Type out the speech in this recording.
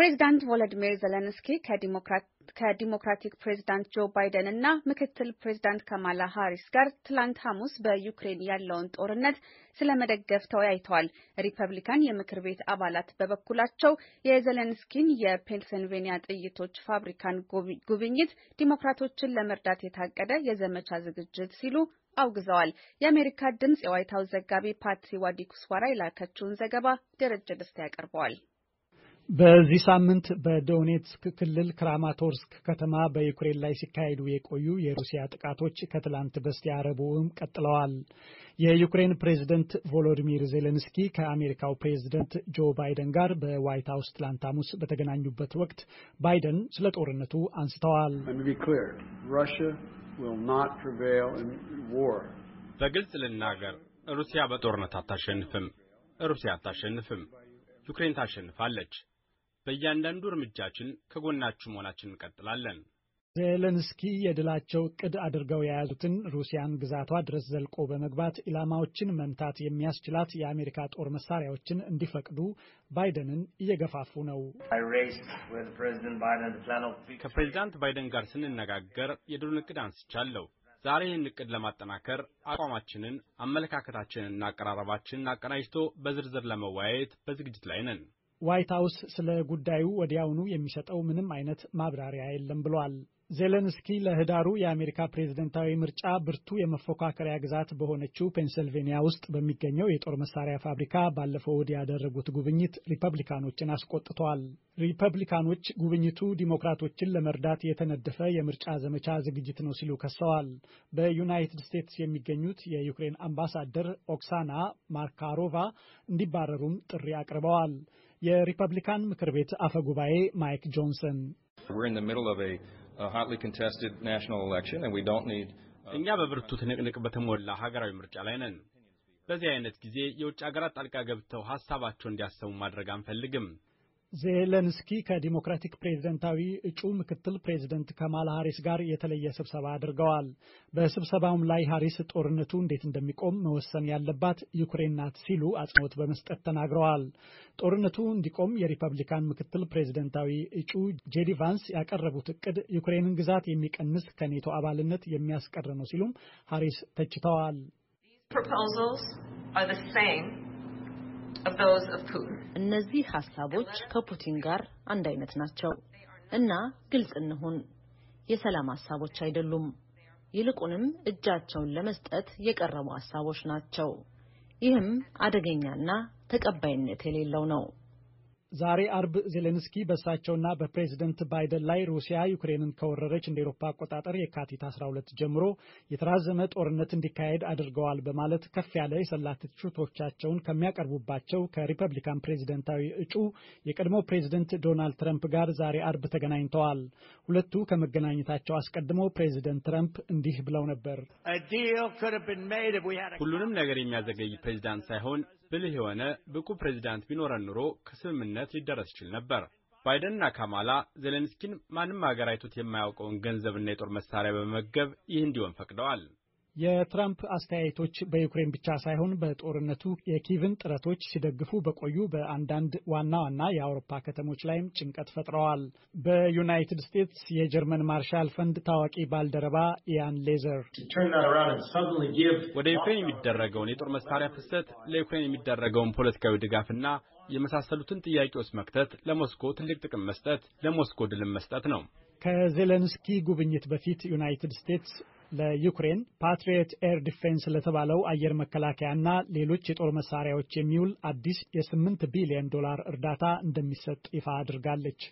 ፕሬዚዳንት ቮሎዲሚር ዜሌንስኪ ከዲሞክራቲክ ፕሬዚዳንት ጆ ባይደን እና ምክትል ፕሬዚዳንት ካማላ ሃሪስ ጋር ትላንት ሐሙስ በዩክሬን ያለውን ጦርነት ስለመደገፍ ተወያይተዋል። ሪፐብሊካን የምክር ቤት አባላት በበኩላቸው የዜሌንስኪን የፔንስልቬንያ ጥይቶች ፋብሪካን ጉብኝት ዲሞክራቶችን ለመርዳት የታቀደ የዘመቻ ዝግጅት ሲሉ አውግዘዋል። የአሜሪካ ድምጽ የዋይት ሀውስ ዘጋቢ ፓትሲ ዋዲኩስዋራ የላከችውን ዘገባ ደረጀ ደስታ ያቀርበዋል። በዚህ ሳምንት በዶኔትስክ ክልል ክራማቶርስክ ከተማ በዩክሬን ላይ ሲካሄዱ የቆዩ የሩሲያ ጥቃቶች ከትላንት በስቲያ ረቡዕም ቀጥለዋል። የዩክሬን ፕሬዝደንት ቮሎዲሚር ዜሌንስኪ ከአሜሪካው ፕሬዝደንት ጆ ባይደን ጋር በዋይት ሀውስ ትላንት ሐሙስ በተገናኙበት ወቅት ባይደን ስለ ጦርነቱ አንስተዋል። በግልጽ ልናገር፣ ሩሲያ በጦርነት አታሸንፍም። ሩሲያ አታሸንፍም። ዩክሬን ታሸንፋለች። በእያንዳንዱ እርምጃችን ከጎናችሁ መሆናችን እንቀጥላለን። ዜሌንስኪ የድላቸው እቅድ አድርገው የያዙትን ሩሲያን ግዛቷ ድረስ ዘልቆ በመግባት ኢላማዎችን መምታት የሚያስችላት የአሜሪካ ጦር መሳሪያዎችን እንዲፈቅዱ ባይደንን እየገፋፉ ነው። ከፕሬዚዳንት ባይደን ጋር ስንነጋገር የድሉን እቅድ አንስቻለሁ። ዛሬ ይህን እቅድ ለማጠናከር አቋማችንን፣ አመለካከታችንና አቀራረባችንን አቀናጅቶ በዝርዝር ለመወያየት በዝግጅት ላይ ነን። ዋይት ሀውስ ስለ ጉዳዩ ወዲያውኑ የሚሰጠው ምንም አይነት ማብራሪያ የለም ብሏል። ዜሌንስኪ ለህዳሩ የአሜሪካ ፕሬዝደንታዊ ምርጫ ብርቱ የመፎካከሪያ ግዛት በሆነችው ፔንሰልቬኒያ ውስጥ በሚገኘው የጦር መሳሪያ ፋብሪካ ባለፈው እሁድ ያደረጉት ጉብኝት ሪፐብሊካኖችን አስቆጥተዋል። ሪፐብሊካኖች ጉብኝቱ ዲሞክራቶችን ለመርዳት የተነደፈ የምርጫ ዘመቻ ዝግጅት ነው ሲሉ ከሰዋል። በዩናይትድ ስቴትስ የሚገኙት የዩክሬን አምባሳደር ኦክሳና ማርካሮቫ እንዲባረሩም ጥሪ አቅርበዋል። የሪፐብሊካን ምክር ቤት አፈ ጉባኤ ማይክ ጆንሰን uh, እኛ በብርቱ ትንቅንቅ በተሞላ ሀገራዊ ምርጫ ላይ ነን። በዚህ አይነት ጊዜ የውጭ ሀገራት ጣልቃ ገብተው ሀሳባቸው እንዲያሰሙ ማድረግ አንፈልግም። ዜሌንስኪ ከዲሞክራቲክ ፕሬዝደንታዊ እጩ ምክትል ፕሬዝደንት ከማላ ሀሪስ ጋር የተለየ ስብሰባ አድርገዋል። በስብሰባውም ላይ ሀሪስ ጦርነቱ እንዴት እንደሚቆም መወሰን ያለባት ዩክሬን ናት ሲሉ አጽንኦት በመስጠት ተናግረዋል። ጦርነቱ እንዲቆም የሪፐብሊካን ምክትል ፕሬዝደንታዊ እጩ ጄዲ ቫንስ ያቀረቡት እቅድ ዩክሬንን ግዛት የሚቀንስ ከኔቶ አባልነት የሚያስቀር ነው ሲሉም ሀሪስ ተችተዋል። እነዚህ ሀሳቦች ከፑቲን ጋር አንድ አይነት ናቸው እና ግልጽ እንሁን፣ የሰላም ሀሳቦች አይደሉም። ይልቁንም እጃቸውን ለመስጠት የቀረቡ ሀሳቦች ናቸው። ይህም አደገኛና ተቀባይነት የሌለው ነው። ዛሬ አርብ ዜሌንስኪ በእሳቸውና በፕሬዝደንት ባይደን ላይ ሩሲያ ዩክሬንን ከወረረች እንደ ኤሮፓ አቆጣጠር የካቲት 12 ጀምሮ የተራዘመ ጦርነት እንዲካሄድ አድርገዋል በማለት ከፍ ያለ የሰላ ትችቶቻቸውን ከሚያቀርቡባቸው ከሪፐብሊካን ፕሬዝደንታዊ እጩ የቀድሞ ፕሬዝደንት ዶናልድ ትረምፕ ጋር ዛሬ አርብ ተገናኝተዋል። ሁለቱ ከመገናኘታቸው አስቀድሞ ፕሬዝደንት ትረምፕ እንዲህ ብለው ነበር። ሁሉንም ነገር የሚያዘገይ ፕሬዚዳንት ሳይሆን ብልህ የሆነ ብቁ ፕሬዚዳንት ቢኖረን ኑሮ ከስምምነት ሊደረስ ይችል ነበር። ባይደንና ካማላ ዜሌንስኪን ማንም ሀገር አይቶት የማያውቀውን ገንዘብና የጦር መሳሪያ በመመገብ ይህ እንዲሆን ፈቅደዋል። የትራምፕ አስተያየቶች በዩክሬን ብቻ ሳይሆን በጦርነቱ የኪቭን ጥረቶች ሲደግፉ በቆዩ በአንዳንድ ዋና ዋና የአውሮፓ ከተሞች ላይም ጭንቀት ፈጥረዋል። በዩናይትድ ስቴትስ የጀርመን ማርሻል ፈንድ ታዋቂ ባልደረባ ኢያን ሌዘር ወደ ዩክሬን የሚደረገውን የጦር መሳሪያ ፍሰት፣ ለዩክሬን የሚደረገውን ፖለቲካዊ ድጋፍና የመሳሰሉትን ጥያቄዎች መክተት ለሞስኮ ትልቅ ጥቅም መስጠት፣ ለሞስኮ ድልም መስጠት ነው። ከዜሌንስኪ ጉብኝት በፊት ዩናይትድ ስቴትስ ለዩክሬን ፓትሪየት ኤር ዲፌንስ ለተባለው አየር መከላከያና ሌሎች የጦር መሳሪያዎች የሚውል አዲስ የ8 ቢሊዮን ዶላር እርዳታ እንደሚሰጥ ይፋ አድርጋለች።